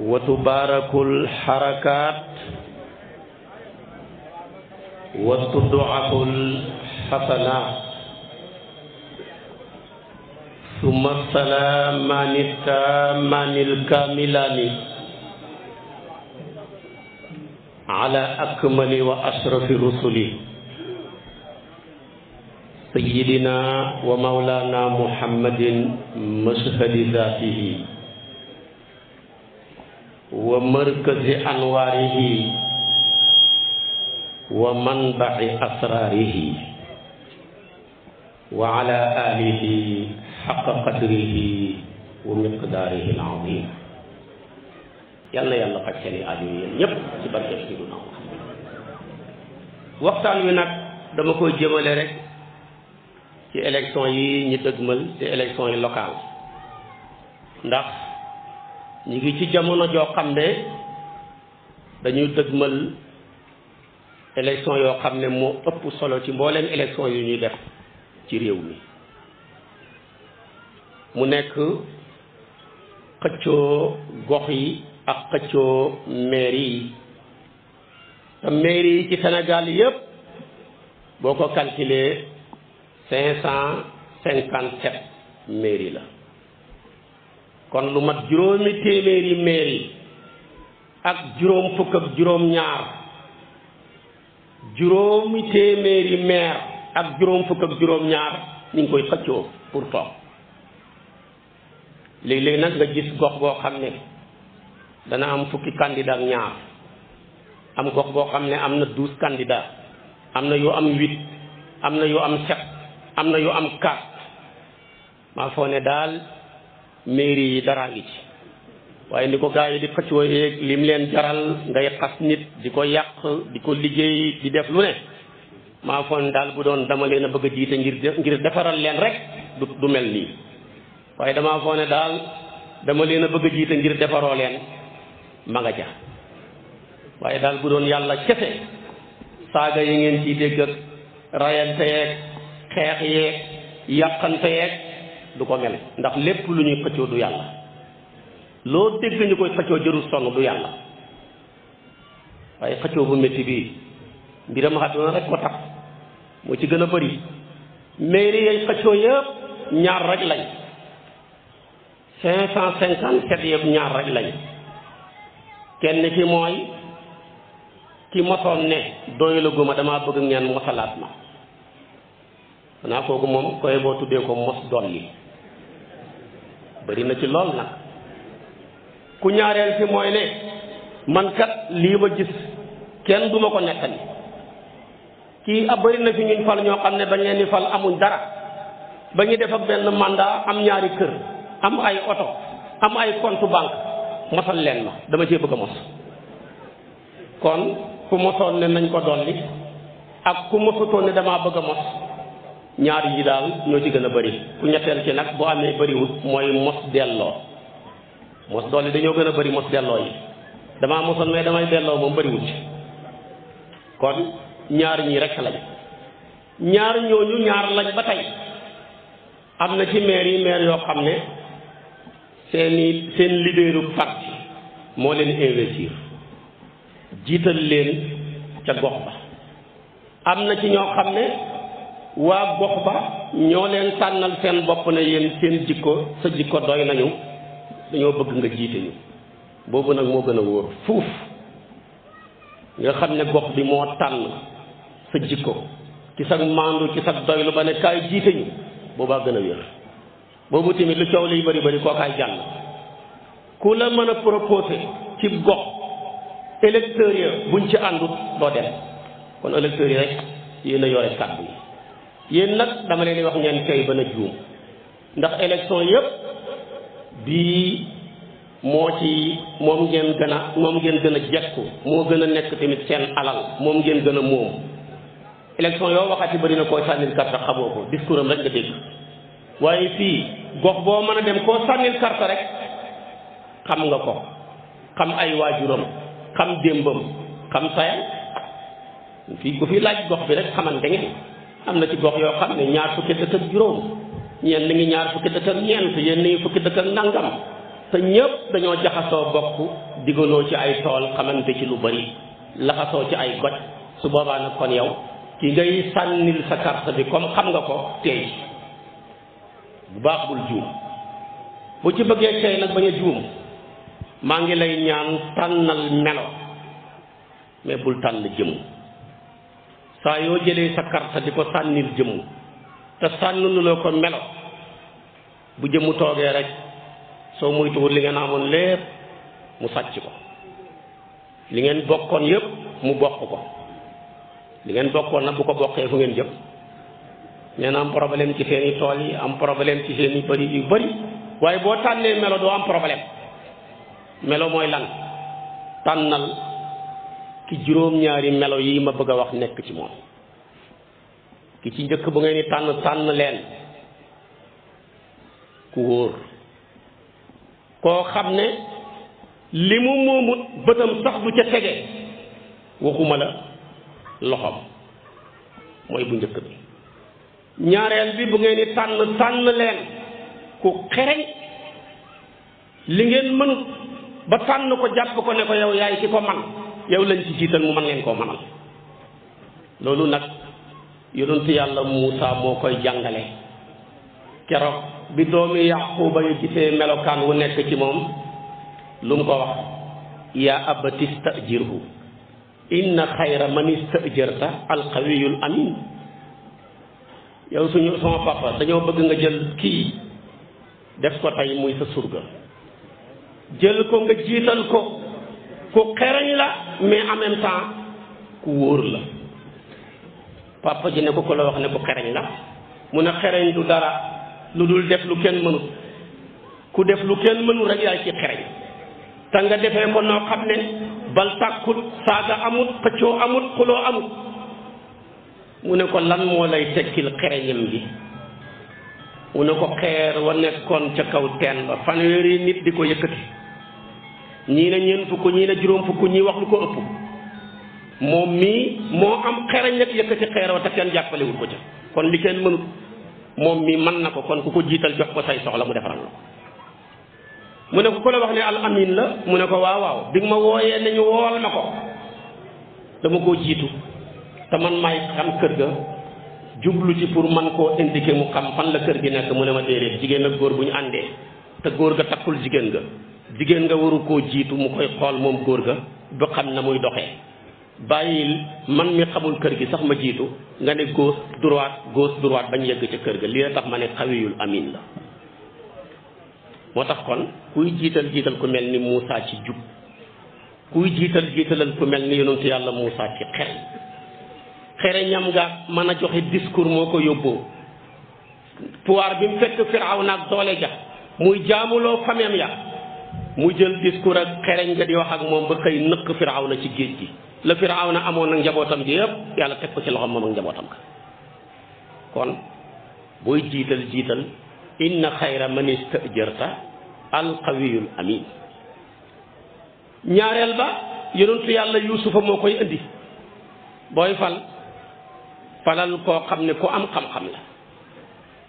wa tubaarakul xarakaat wa tudduaful xasanaat summa salaamaani taamaanil kaamilaani ala akmali wa ashrafi rusuli sayyidina wa mawlaana muhammadin mashhadi zaatihi wa markazi anwaarihi wa manbaci asraarihi wa ala alihi xaqa qadrihi wa miqdaarihi al yàlla yàlla faj seeni aajo yéen ñépp waxtaan wi nag dama koy jëmale rek ci élection yi ñu dëgmal te élection yi locale ndax ñu ngi ci jamono joo xam ne dañuy dëgmal élection yoo xam ne moo ëpp solo ci mbooleem élection yu ñuy def ci réew mi mu nekk xëccoo gox yi ak xëccoo mairie yi te mairie yi ci Sénégal yépp boo ko calculer cinq cent cinquante sept mairie la kon lu mat juróomi téeméeri meer yi ak juróom fukk ak juróom ñaar juróomi téeméeri meer ak juróom fukk ak juróom ñaar ñu ngi koy xëccoo pour toog léeg léegi nag nga gis gox boo xam ne dana am fukki candidat ak ñaar am gox boo xam ne am na douze candidats am na yu am huit am na yu am sept am na yu am quatre maa foo ne daal mairie yi daraa ngi waaye ni ko gars yi di xëccoo yeeg lim leen jaral ngay xas nit di ko yàq di ko liggéey di def lu ne maa foon daal bu doon dama leen bëgg a jiite ngir ngir defaral leen rek du mel nii waaye damaa foo daal dama leen a bëgg a jiite ngir defaroo leen ma nga waaye daal bu doon yàlla kese saaga yi ngeen ciy dégg ak rayante yeeg xeex yeeg yàqante yeeg du ko gene ndax lépp lu ñuy xëccoo du yàlla loo dégg ñu koy xëccoo jërul sonn du yàlla waaye xëccoo bu métti bii mbiram àdduna rek ko tax moo ci gën a bëri mairie yay xëccoo yëpp ñaar rek lañ cinq cent cinquante sept yëpp ñaar rek lañ kenn ki mooy ki mosoon ne doyulaguma damaa bëgg ngeen mosalaat ma xanaa kooku moom koy boo tuddee ko mos doon yi bëri na ci lool nag ku ñaareel fi mooy ne man kat lii ma gis kenn duma ma ko nettali kii ab bëri na fi ñuñ fal ñoo xam ne bañ leen di fal amuñ dara ba ñu def ak benn mandat am ñaari kër am ay oto am ay compte banque mosal leen ma dama cee bëgg a mos kon ku mosoon ne nañ ko dolli ak ku mosutoon ne dama bëgg a mos ñaar yi daal ñoo ci gën a bari ku ñetteel ci nag boo amee bëriwut mooy mos delloo mos doole dañoo gën a bari mos delloo yi damaa mosoon mais damay delloo moom bëriwut kon ñaar ñii rekk lañ ñaar ñooñu ñaar lañ ba tey am na ci maire maire yoo xam ne seeni seen leaderu parti moo leen investir jiital leen ca gox ba am na ci ñoo xam ne waa gox ba ñoo leen tànnal seen bopp ne yéen seen jikko sa jikko doy nañu dañoo bëgg nga jiite ñu boobu nag moo gën a wóor fuuf nga xam ne gox bi moo tànn sa jikko ci sa maandu ci sa lu ba ne kaay jiite ñu boobaa gën a wér boobu tamit lu coow liy bari bëri kookaay jàll ku la mën a proposé ci gox électeurs ya buñ ci àndut doo dem kon électeurs rek yéen a yore kàddu yi yéen nag dama leen di wax ngeen kay ba na juum ndax élection yëpp bii moo ci moom ngeen gën a moom ngeen gën a jekku moo gën a nekk tamit seen alal moom ngeen gën a moom élection yoo yi bëri na koo sànnil karta xamoo ko discours am rek nga dégg waaye fii gox boo mën a dem koo sànnil karta rek xam nga ko xam ay waajuram xam démbam xam sayam fii ku fi laaj gox bi rek xamante ngeen am na ci gox yoo xam ne ñaar fukki dëkk ak juróom ñeen ni ngi ñaar fukki dëkk ak ñeent yéen ni ngi fukki dëkk ak nangam te ñëpp dañoo jaxasoo bokk digaloo ci ay tool xamante ci lu bari laxasoo ci ay goj su boobaa nag kon yow ki ngay sànnil sa carte bi comme xam nga ko tey bu baax bul juum bu ci bëggee tey nag bañ a juum maa ngi lay ñaan tànnal melo mais bul tànn jëm saa yoo jëlee sa karta di ko sànnil jëmm te sànniloo ko melo bu jëmm toogee rek soo moytuwul li ngeen amoon lépp mu sàcc ko li ngeen bokkoon yépp mu bokk ko li ngeen bokkoon nag bu ko bokkee fu ngeen jëm ngeen am problème ci seeni tool yi am problème ci seeni bëri yu bëri waaye boo tànnee melo doo am problème melo mooy lan tànnal ci juróom-ñaari melo yi ma bëgg a wax nekk ci moom ki ci njëkk bu ngeen ni tànn tànn leen ku wóor koo xam ne li mu moomut bëtam sax du ca tege waxuma la loxoom mooy bu njëkk bi ñaareel bi bu ngeen ni tànn tànn leen ku xereñ li ngeen mënut ba tànn ko jàpp ko ne ko yow yaay ki ko man yow lañ ci jiital mu mën leen koo mënal loolu nag yonentu yàlla Muusa boo koy jàngale keroog bi doomi Yaquba yu gisee melokaan wu nekk ci moom lu mu ko wax yaa abati stajirhu inna xayra man istajarta alqawiyul amin yow suñu sama papa dañoo bëgg nga jël kii def ko tey muy sa surga jël ko nga jiital ko ku xereñ la mais en même ku wóor la papa ji ne ko ko la wax ne ku xereñ la mu ne xereñ du dara lu dul def lu kenn mënul ku def lu kenn mënul rek yaay ci xereñ te nga defee ko noo xam ne bal tàkkut saaga amut xëccoo amut xuloo amut mu ne ko lan moo lay tekkil xereñam gi mu ne ko xeer wa nekkoon ca kaw teen ba fanweeri nit di ko yëkkati ñii ne ñeent fukk ñii ne juróom fukk ñii wax lu ko ëpp moom mii moo am xerañ nag yëkkati xeer wa te kenn jàppalewul ko ca kon li kenn mënut moom mii mën na ko kon ku ko jiital jox ko say soxla mu defaral la mu ne ko ku wax ne al amin la mu ne ko waaw waaw bi ma wooyee nañu wool ma ko dama koo jiitu te man maay xam kër ga jublu ci pour man koo indiqué mu xam fan la kër gi nekk mu ne ma déedéet jigéen ak góor bu ñu àndee te góor ga takkul jigéen ga jigéen nga waru koo jiitu mu koy xool moom góor ga du xam na muy doxee bàyyil man mi xamul kër gi sax ma jiitu nga ne gauche droite gauche droite bañ yegg ca kër ga lii la tax ma ne xawiyul amin la moo tax kon kuy jiital jiital ku mel ni Moussa ci jub kuy jiital jiitalal ku mel ni yonentu yàlla Moussa ci xel xere ñam nga mën a joxe discours moo ko yóbboo pouvoir bi mu fekk Firawna ak doole ja muy jaamuloo fameem ya mu jël discours ak xereñ nga di wax ak moom ba xëy nëkk na ci géej gi la na amoon nag njabootam gi yëpp yàlla teg ko ci loxo moom ak njabootam ka kon booy jiital jiital inna xayra man istajarta alqawiyul amin ñaareel ba yonentu yàlla yuusufa moo koy indi booy fal falal koo xam ne ku am xam-xam la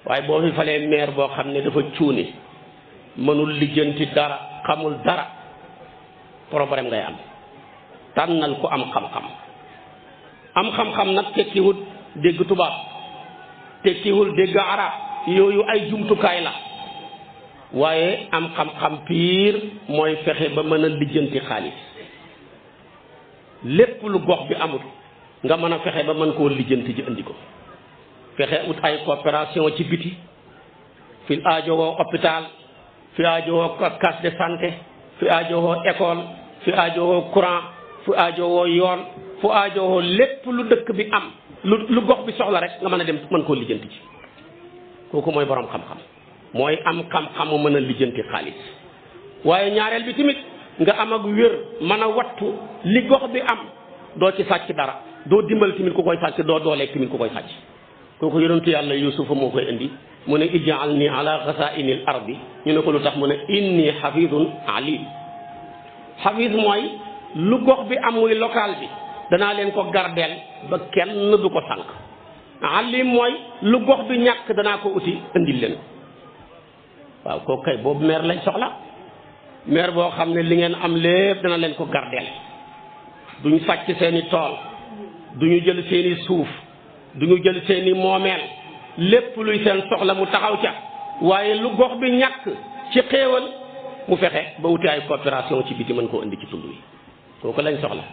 waaye boo fi falee meer boo xam ne dafa cuune mënul lijjanti dara xamul dara problème ngay am tànnal ku am xam-xam am xam-xam nag tekkiwul dégg tubaab tekkiwul dégg arab yooyu ay jumtukaay la waaye am xam-xam piir mooy fexe ba mën a lijjanti xaalis lépp lu gox bi amul nga mën a fexe ba mën koo lijjanti ji andi ko fexe ut ay coopération ci biti fil aajowoo hôpital fi aajowoo case de santé fi aajowoo école fi aajowoo courant fi aajowoo yoon fu aajowoo lépp lu dëkk bi am lu lu gox bi soxla rek nga mën a dem mën koo lijjanti ci kooku mooy boroom xam-xam mooy am xam-xamu mën a lijjanti xaalis waaye ñaareel bi tamit nga am wér mën a wattu li gox bi am doo ci sàcc dara doo dimbal tamit ku koy sàcc doo doolee tamit ku koy kooku yonentu yàlla yusufa moo koy indi mu ne ijaal nii ala xasaini l ardi ñu ne ko lu tax mu ne inni xafidun alim xafis mooy lu gox bi am muy local bi danaa leen ko gardeel ba kenn du ko sànq alim mooy lu gox bi ñàkk danaa ko uti indil leen waaw kooku kay boobu maire lañ soxla maire boo xam ne li ngeen am lépp dana leen ko gardeel duñ sàcc seeni tool duñu jël seeni suuf du ñu jël seeni moomeel lépp luy seen soxla mu taxaw ca waaye lu gox bi ñàkk ci xéewal mu fexe ba wuti ay coopération ci biti mën koo indi ci tund wi kooku lañ soxla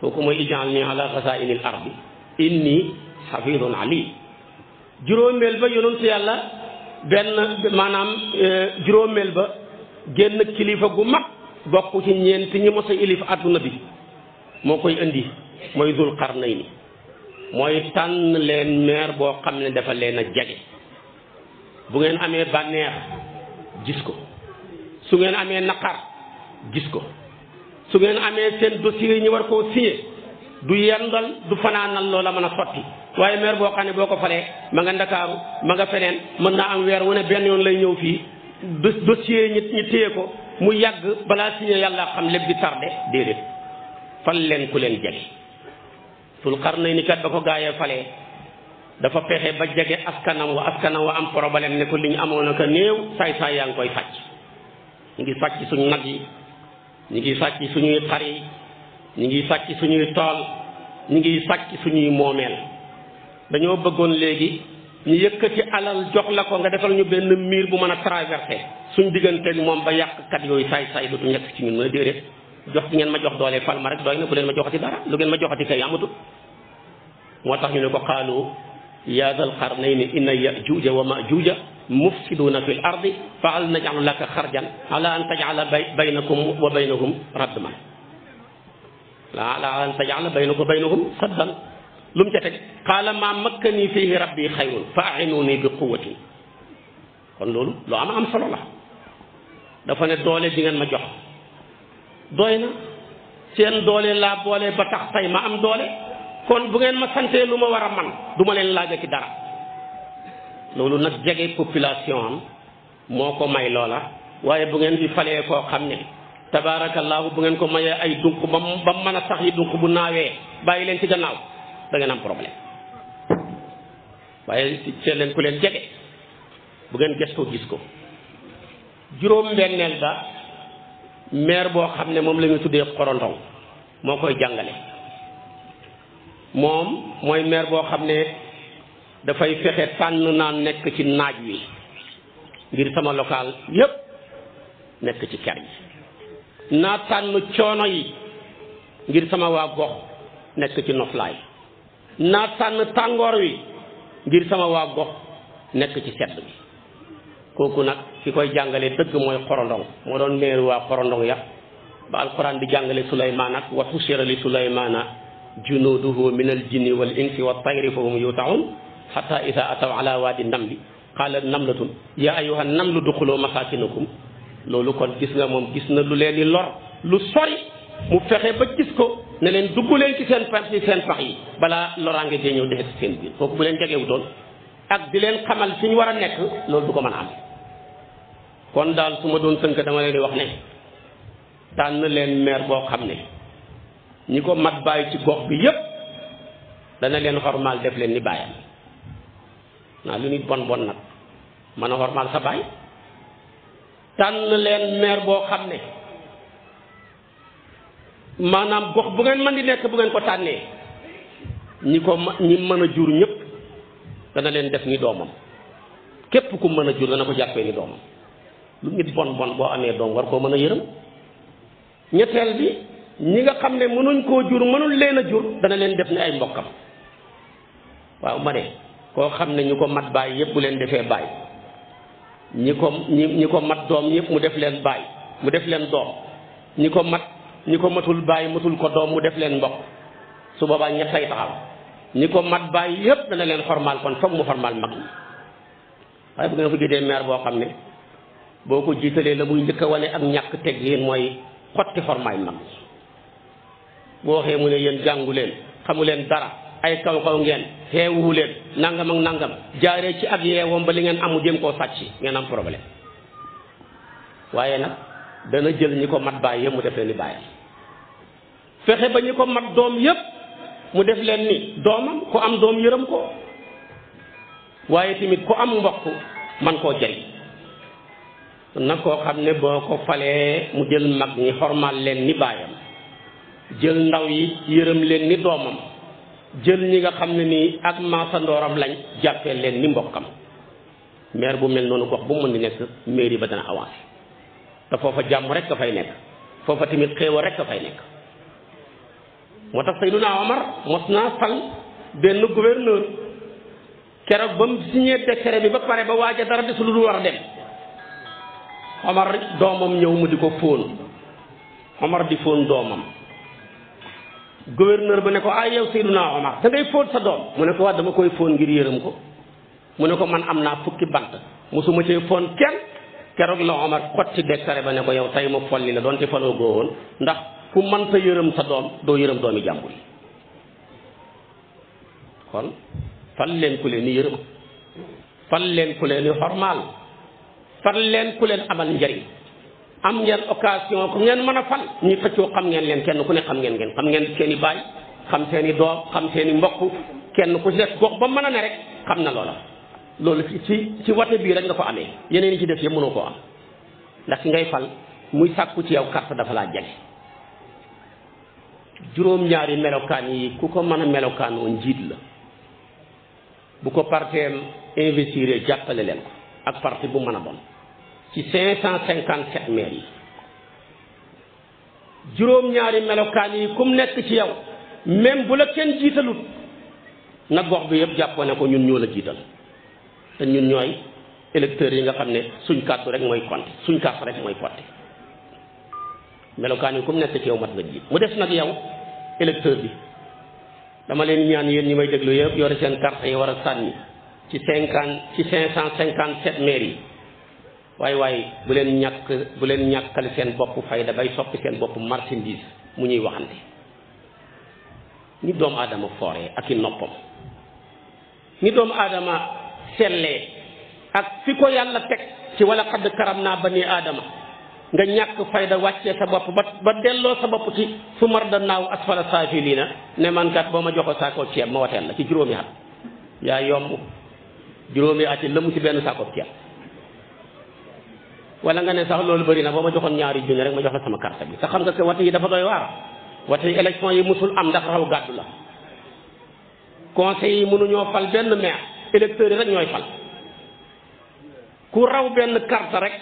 kooku mooy ijalni ala indi ardi inni xafidun alim juróomeel ba yonentu yàlla benn maanaam e, juróomeel ba génn kilifa gu mag bokk ci ñeenti ñi mos a ilif àdduna bi moo koy indi mooy dul xarnayni mooy tànn leen meer boo xam ne dafa leen a jege bu ngeen amee bànneex gis ko su ngeen amee naqar gis ko su ngeen amee seen dossier yi ñu war koo signé du yendal du fanaanal la mën a sotti waaye maire boo xam ne boo ko falee ma nga ndakaaru ma nga feneen mën naa am weer wu ne benn yoon lay ñëw fii dossier ñi ñi téye ko mu yàgg balaa signé yàlla xam lépp di tardé déedéet fan leen ku leen jege tul xarnay ni kat ba ko gaayee falee dafa pexe ba jege askanam wa askanam wa am problème ne ko li ñu amoon ak néew saay-saay yaa ngi koy sàcc ñu ngi sàcc suñu nag yi ñu ngi sàcc suñuy xar yi ñu ngi sàcc suñuy tool ñu ngi sàcc suñuy moomeel dañoo bëggoon léegi ñu yëkkati alal jox la ko nga defal ñu benn miir bu mën a traversé suñ digganteeg moom ba yàqkat yooyu saay-saay dootu ñekk ci ñun mën a déedéet jox ngeen ma jox doole fal ma rek doy na bu leen ma joxati dara lu ngeen ma joxati kay amatul moo tax ñu ne ko xaalu yaa zal qarnayni inna yajuuja wa majuuja mufsiduuna fi l ardi fa hal naj'alu laka xarjan ala an taj'ala baynakum wa baynahum radman ala an taj'ala baynakum wa baynahum saddan lu mu ca teg qaala maa makkani fihi rabbi xayrun fa a'inuni bi quwwati kon loolu lu am am solo la dafa ne doole ji ngeen ma jox doy na seen doole laa boole ba tax tey ma am doole kon bu ngeen ma santee lu ma war a man du ma leen laaja ci dara loolu nag jege population am moo ko may loola waaye bu ngeen fi falee koo xam ne tabaarakallaahu bu ngeen ko mayee ay dunk ba ba mën a sax yi dunk bu naawee bàyyi leen ci gannaaw da ngeen am problème waaye seet leen ku leen jege bu ngeen gëstoo gis ko juróom-benneel ba maire boo xam ne moom la tuddee xorontoŋ moo koy jàngale moom mooy maire boo xam ne dafay fexe tànn naa nekk ci naaj wi ngir sama local yépp nekk ci ker yi naa tànn coono yi ngir sama waa gox nekk ci noflaay naa tànn tàngoor wi ngir sama waa gox nekk ci sedd bi kooku nag ki koy jàngalee dëgg mooy xorondong moo doon meeru waa xorondong ya ba alquran di jàngalee suleymaan ak wa xusira li suleymaana junuuduhu min al jinni wal insi wa tayri fa hum yutahun xata ida ataw ala waadi namli qaalat namlatun yaa ayyuha namlu duxuloo masaakinakum loolu kon gis nga moom gis na lu leen di lor lu sori mu fexe ba gis ko ne leen dugg leen ci seen pax ci seen pax yi balaa loraange dee ñëw def ci seen biir kooku bu leen jegewutoon ak di leen xamal fi ñu war a nekk loolu du ko mën a am kon daal su ma doon tënk dama leen di wax ne tànn leen maire boo xam ne ñi ko mat bàyyi ci gox bi yépp dana leen xormaal def leen ni bàyyam naa lu nit bon bon nag mën a xormaal sa bàyyi tànn leen maire boo xam ne maanaam gox bu ngeen mën di nekk bu ngeen ko tànnee ñi ko ñi mën a jur ñépp dana leen def ni doomam képp ku mën a jur dana ko jàppee ni doomam lu nit bon bon boo amee doom war koo mën a yërëm ñetteel bi ñi nga xam ne mënuñ koo jur mënul leen a jur dana leen def ni ay mbokkam waaw ma ne koo xam ne ñu ko mat baay yëpp bu leen defee baay ñi ko ñi ñi ko mat doom yëpp mu def leen baay mu def leen doom ñi ko mat ñi ko matul baay matul ko doom mu def leen mbokk su boobaa ñettay taxaw ñi ko mat bàyyi yëpp dana leen xormaal kon foog mu xormaal mag ñi waaye bu ngeen fa gisee maire boo xam ne boo ko jiitalee la muy njëkk a wane ak ñàkk teg yéen mooy xotti xormaay mag ñi boo waxee mu ne yéen jàngu leen xamu leen dara ay kaw kaw ngeen xeewuwu leen nangam ak nangam jaaree ci ak yeewoom ba li ngeen amu jéem koo sàcc ngeen am problème waaye nag dana jël ñi ko mat bàyyi yëpp mu def leen ni bàyyi fexe ba ñi ko mat doom yëpp mu def leen ni doomam ku am doom yërëm ko waaye tamit ku am mbokk man koo jëriñ na koo xam ne boo ko falee mu jël mag ñi xormaal leen ni baayam jël ndaw yi yërëm leen ni doomam jël ñi nga xam ne nii ak maasandooram lañ jàppee leen ni mbokkam maire bu mel noonu gox bu mën di nekk mairie ba dana avancé te foofa jàmm rek ka fay nekk foofa tamit xéewal rek ka fay nekk moo tax Seydina Omar mos naa fal benn gouverneur keroog ba mu signé décret bi ba pare ba waaja dara desul lu war a dem Omar doomam ñëw mu di ko fóon Omar di fóon doomam gouverneur ba ne ko ay ah, yow Seydina Omar da ngay sa doom mu ne ko waa dama koy fóon ngir yërëm ko mu ne ko man am naa fukki bant mosuma cee fóon kenn keroog la Omar xotti décret ba ne ko yow tey ma folli la doon te faloo góowoon ndax ku manta yërëm sa doom doo yërëm doomi jàmbur yi kon fal leen ku leen ni yërëm fal leen ku leen ni xormaal fal leen ku leen amal njariñ am ngeen occasion ku ngeen mën a fal ñi xëccoo xam ngeen leen kenn ku ne xam ngeen ngeen xam ngeen seen baay xam seen i doom xam seen i kenn ku ci des gox ba mën a ne rek xam na loola loolu ci ci wate bii rek nga ko amee yeneen yi ci def yëpp mënoo koo am ndax ki ngay fal muy sàkku ci yow carte dafa laa jage juróom-ñaari melokaan yi ku ko mën a melokaanoo njiit la bu ko parteem investir jàppale leen ko ak parti bu mën a doon ci cinq cent cinquante sept maires yi juróom-ñaari melokaan yi kum nekk ci yow même bu la kenn jiitalut na gox bi yëpp jàppoo ne ko ñun ñoo la jiital te ñun ñooy électeurs yi nga xam ne suñ kàddu rek mooy compte suñ kàddu rek mooy compte melokaan yi kum nekk ci yow mat nga jiit mu des nag yow électeur bi dama leen ñaan yéen ñi may déglu yëpp yore seen carte yi war a sànni ci cinquante ci cinq cent cinquante sept maires yi waaye waaye bu leen ñàkk bu leen ñàkkal seen bopp fayda bay soppi seen bopp marchandise mu ñuy waxante ni doomu aadama fooree ak i noppam ni doomu aadama sellee ak fi ko yàlla teg ci wala xadd karam naa ba ni aadama nga ñàkk fayda wàccee sa bopp ba ba delloo sa bopp ci su mar da naaw lii saafiliina ne man kat boo ma joxo saakoob ceeb ma wateel la ci juróomi at yaay yomb juróomi at yi mu ci benn saakoob ceeb wala nga ne sax loolu bëri na boo ma joxoon ñaari junni rek ma jox la sama carte bi te xam nga que wat yi dafa doy waar wat yi élection yi musul am ndax raw gàddu la conseil yi mënuñoo fal benn maire électeurs yi rek ñooy fal ku raw benn carte rek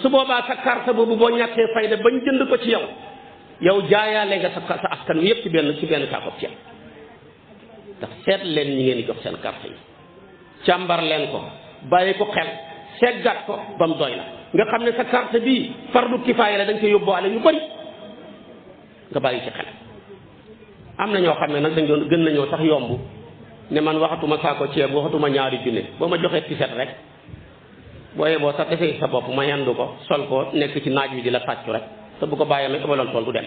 su boobaa sa carte boobu boo ñàkkee fayda bañ jënd ko ci yow yow jaayaale nga sa sa askan wi yëpp ci benn ci benn saako ceeb ndax seet leen ñi ngeen di jox seen carte yi càmbar leen ko bàyyi ko xel seggat ko ba mu doy la nga xam ne sa carte bii fardu kifaaya la dañ koy yóbbuwaale ñu bëri nga bàyyi ci xel am na ñoo xam ne nag dañ doon gën nañoo sax yomb ne man waxatuma saako ceeb waxatuma ñaari junne boo ma joxee tiset rek booyee boo sax defee sa bopp ma yandu ko sol ko nekk ci naaj wi di la tàccu rek te bu ko bàyyee may ëbbaloon tool du dem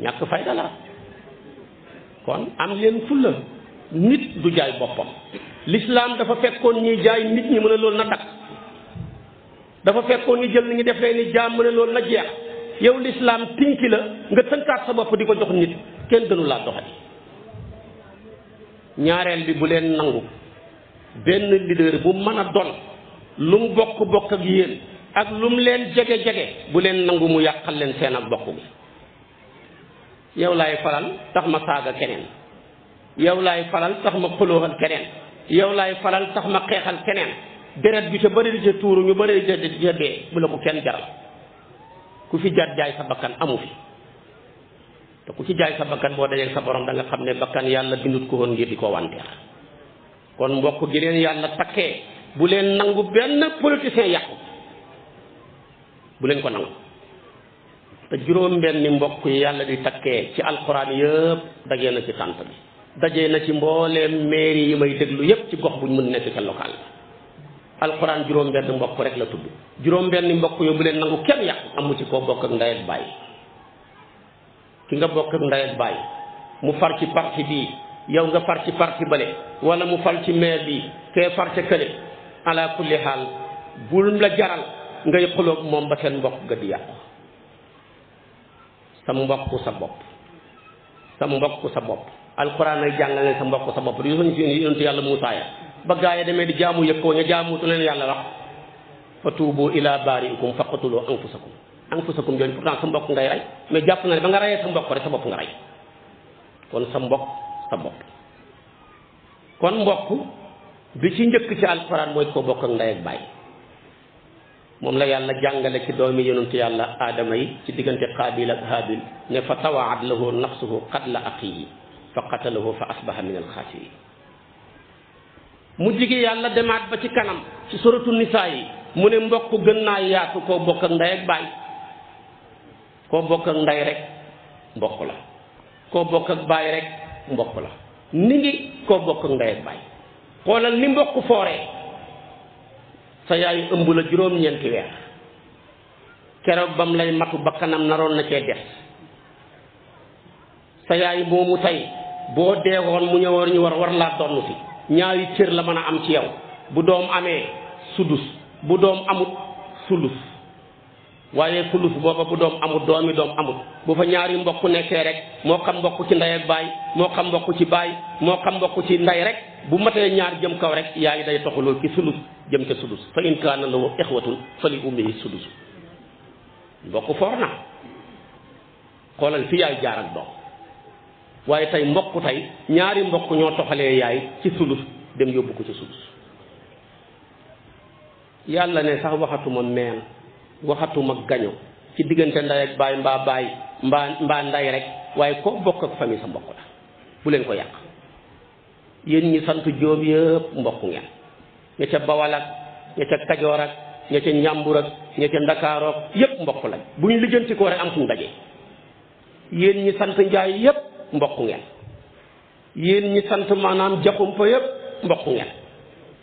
ñàkk fayda kon am leen fulla nit du jaay boppam lislaam dafa fekkoon ñuy jaay nit ñi mën a loolu na dakk dafa fekkoon ñu jël ni ñu def leen ni jaam mën a loolu na jeex yow lislaam tinki la nga tënkaat sa bopp di ko jox nit kenn gënu laa doxati ñaareel bi bu leen nangu benn leader bu mën a doon lu mu bokk bokk ak yéen ak lu mu leen jege jege bu leen nangu mu yàqal leen seen ak bokk gi yow laay faral tax ma saaga keneen yow laay faral tax ma xulóoxal keneen yow laay faral tax ma xeexal keneen deret bi ca bari di ca tuuru ñu bari di ca dee bu la ko kenn jaral ku fi jar jaay sa bakkan amu fi te ku ci jaay sa bakkan boo dajee sa borom da nga xam ne bakkan yàlla bindut ko woon ngir di ko wanteer kon mbokk gi leen yàlla takkee bu leen nangu benn politicien yàqu bu leen ko nangu te juróom-benni mbokk yi yàlla di takkee ci alxuraan yëpp dajee na ci tànt bi dajee na ci mbooleem mairie yi may déglu yëpp ci gox bu ñu mën nekk ca local bi alxuraan juróom-benn mbokk rek la tudd juróom-benni mbokk yooyu bu leen nangu kenn yàqu amu ci koo bokk ak ndayet bàyyi ki nga bokk ak ndayet bàyyi mu far ci parti bii yow nga far ci parti bale wala mu far ci maire bi fee far ca kële ala kulli xaal bul la jaral ngay xuloog moom ba seen mbokk ga di yàqu sa mbokk sa bopp sa mbokk sa bopp alquran ay jàngale sa mbokk sa bopp yu suñ si yàlla Muusaa ba gaa yi di jaamu yëg ko ña jaamutu leen yàlla wax fa tuubu ila baariikum faqtuloo anfusakum anfusakum jooju mbokk ngay rey jàpp na ne ba rek sa bopp nga rey kon sa mbokk sa bopp kon mbokk bi ci njëkk ci alquran mooy ko bokk ak ndey ak baay moom la yàlla jàngale ci doomi yonent yàlla aadama yi ci diggante qaabil ak haabil ne fa tawaat lahu nafsuhu qatla axiihi fa qatalahu fa asbaha min alxaasirin mu jige yàlla demaat ba ci kanam ci suratu nisaa yi mu ne mbokk gën naa yaatu koo bokk ak ndey ak baay koo bokk ak ndey rek mbokk la koo bokk ak baay rek mbokk la ni ngi koo bokk ak ndey ak baay xoolal ni mbokk foore sa yaayu ëmb la juróom-ñeenti weer keroog bam lay matu bakkanam naroon na cee des sa yaay moomu tey boo deewoon mu ñëwoon ñu war war laa donn si ñaari cër la mën a am ci yow bu doom amee sudus bu doom amut sulus waaye kulus booba bu doom amul doomi doom amul bu fa ñaari mbokk nekkee rek moo xam mbokk ci ndey ak baay moo xam mbokk ci baay moo xam mbokk ci ndey rek bu matee ñaar jëm kaw rek yaa ngi day toxaloo ci sulus jëm ca sudus fa in kaana lahu ixwatun fa li ummihi sudus mbokk foor na xoolal fi yaay jaar ak doom waaye tey mbokk tey ñaari mbokk ñoo toxalee yaay ci sulus dem yóbbu ko ci sudus yàlla ne sax waxatuma meen waxatuma gaño ci diggante nday ak baay mbaa baay mbaa mbaa nday rek waaye koo bokk ak famille sa mbokk la bu leen ko yàq yéen ñi sant jóob yëpp mbokk ngeen ña ca bawal ak ca kajoor ña ca njàmbur ak ña ca yëpp mbokk lañ bu ñu lijjanti ko ñi sant njaay yëpp mbokk ngeen yéen ñi maanaam jaxumpa yëpp mbokk ngeen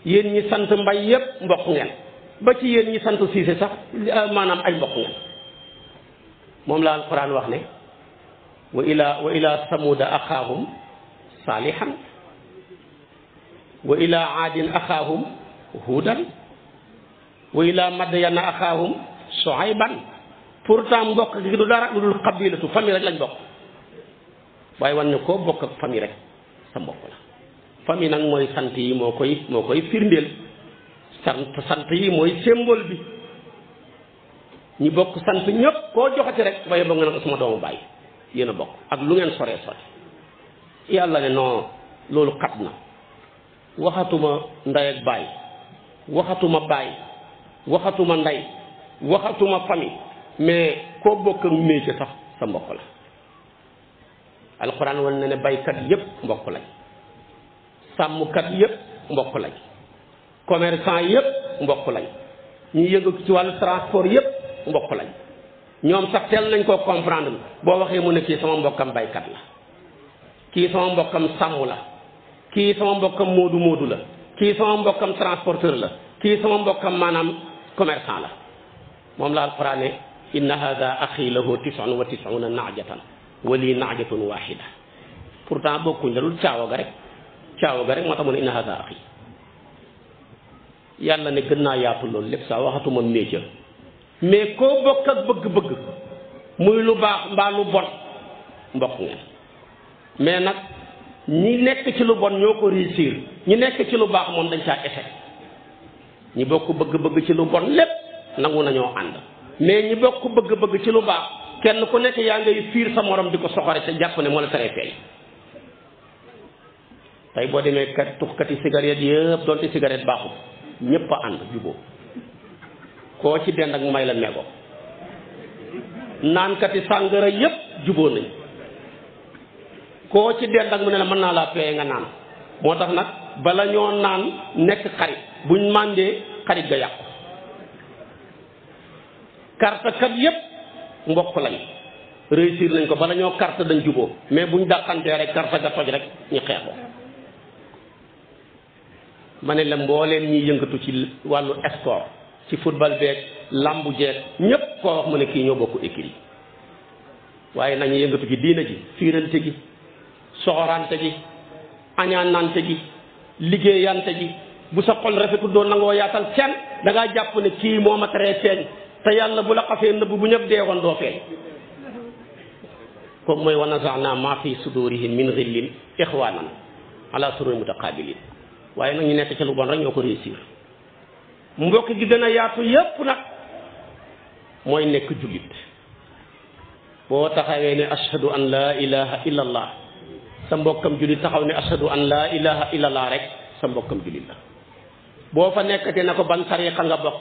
yéen ñi sant mbay yëpp mbokk ngeen ba ci yéen ñi sant siise sax euh, maanaam ay mbokk nga moom la alquran wax ne wa ila wa ila samuda axaahum saalihan wa ila aadin axaahum huudan wa ila madyana axaahum soayban pourtant mbokk gi du dara lu dul xabilatu famille rek lañ bokk waaye wan ne koo bokk ak rek sa mbokk la famille nag mooy sant yi moo koy moo koy firndeel sant sant yi mooy symbole bi ñu bokk sant ñëpp koo joxati rek ba yóbbu nga ne doomu bàyyi yéen a bokk ak lu ngeen soree sore yàlla ne noo loolu xat na waxatuma ndey ak bàyyi waxatuma bàyyi waxatuma ndey waxatuma famille mais koo bokk ak métier sax sa mbokk la alxuraan wan na ne baykat yépp mbokk lañ sàmmkat yépp mbokk lañ commerçant yëpp mbokk lañ ñu yëngatu ci wàllu transport yëpp mbokk lañ ñoom sax teel nañ koo comprendre boo waxee mu ne kii sama mbokkam baykat la kii sama mbokkam sàmm la kii sama mbokkam moodu moodu la kii sama mbokkam transporteur la kii sama am maanaam commerçant la moom la alquran ne inna hada axi lahu tisun wa tisuna naajatan wa lii naajatun waxida pourtant bokkuñ la dul caawa ga rek caawa ga rek moo tax mu ne inna hada yàlla ne gën naa yaatu loolu lépp saa waxatuma métier mais koo bokk bëgg-bëgg muy lu baax mbaa lu bon mbokk ngeen mais nag ñi nekk ci lu bon ñoo ko réussir ñi nekk ci lu baax moom dañ saa échec ñi bokk bëgg-bëgg ci lu bon lépp nangu nañoo ànd mais ñi bokk bëgg-bëgg ci lu baax kenn ku nekk yaa ngay fiir sa morom di ko soxore te jàpp ne moo la teree feeñ tey boo demee kat tuxkati cigarette yëpp doonte cigarette baaxul ñépp a ànd juboo koo ci dend ak may la mego naankati sàngara yépp juboo nañ koo ci dend ak mu ne la mën naa laa peeye nga naan moo tax nag bala ñoo naan nekk xarit buñ màndee xarit ga yàqu kartakat yépp mbokk lañ réussir nañ ko bala ñoo carte dañ juboo mais bu buñ dàqantee rek karta ga toj rek ñu xeexoo ma ne la mbooleem ñi yëngatu ci wàllu sport ci football beeg lambu jeeg ñépp koo wax mu ne kii ñoo bokk écrit waaye nañu yëngatu ci diina ji fiirante gi soxorante gi añaanante ji liggéeyante gi bu sa xol rafetul doon nangoo yaatal kenn da ngaa jàpp ne kii moo ma teree feeñ te yàlla bu la xasee nëbb bu ñëpp dee woon doo feeñ kooku mooy wa nazaana maa fi sudurihim min xillin ixwaanan ala sururi mutaqaabilin waaye nag ñu nekk ca lu bon rek ñoo ko réussir mbokk gi dana yaatu yépp nag mooy nekk jullit boo taxawee ne ashhadu an laa ilaha illa allah sa mbokkam jullit taxaw ne ashhadu an laa ilaha illa allah rek sa mbokkam jullit la boo fa nekkatee na ko ban tariqa nga bokk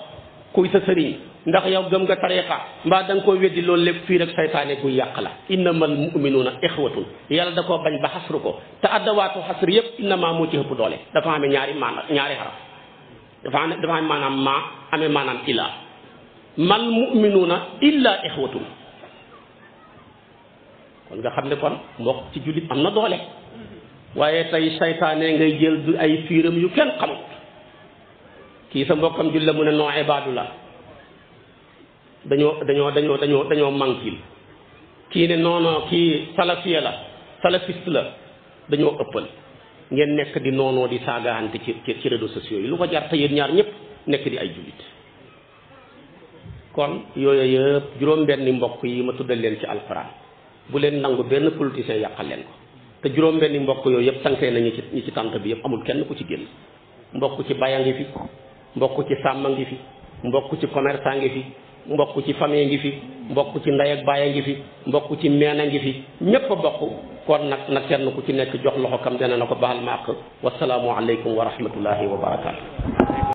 kuy sa sëriñ ndax yow gëm nga tariqa mbaa da nga koo weddi loolu lépp fii rek saytaane guy yàq la innamal muminuuna ixwatun yàlla da koo bañ ba xasru ko te addawaatu xasr yépp innama moo ci ëpp doole dafa amee ñaari maana ñaari xaraf dafa am dafa am maanaam ma amee maanaam illaa mal muminuuna illaa ixwatun kon nga xam ne kon mbokk ci jullit am na doole waaye tey saytaane ngay jël du ay fiiram yu kenn xamul kii sa mbokkam julla mu ne noo ibaadu la dañoo dañoo dañoo dañoo dañoo kii ne non kii salafiya la salafiste la dañoo ëppal ngeen nekk di noonoo di saagaante ci ci réseaux sociaux yi lu ko jar te yéen ñaar ñépp nekk di ay jullit kon yooyu yëpp juróom-benni mbokk yi ma tuddal leen ci alxuraan bu leen nangu benn politicien yàqal leen ko te juróom-benni mbokk yooyu yëpp sankee nañu ci ñi ci tànt bi yëpp amul kenn ku ci génn mbokk ci baya ngi fi mbokk ci sàmm ngi fi mbokk ci commerçant ngi fi mbokk ci famille ngi fi mbokk ci ndey ak baay ngi fi mbokk ci meena ngi fi ñépp a bokk kon nag nag kenn ku ci nekk jox loxo kam ne na ko baal ma àq wasalaamu aleykum wa rahmatullahi wa barakaatu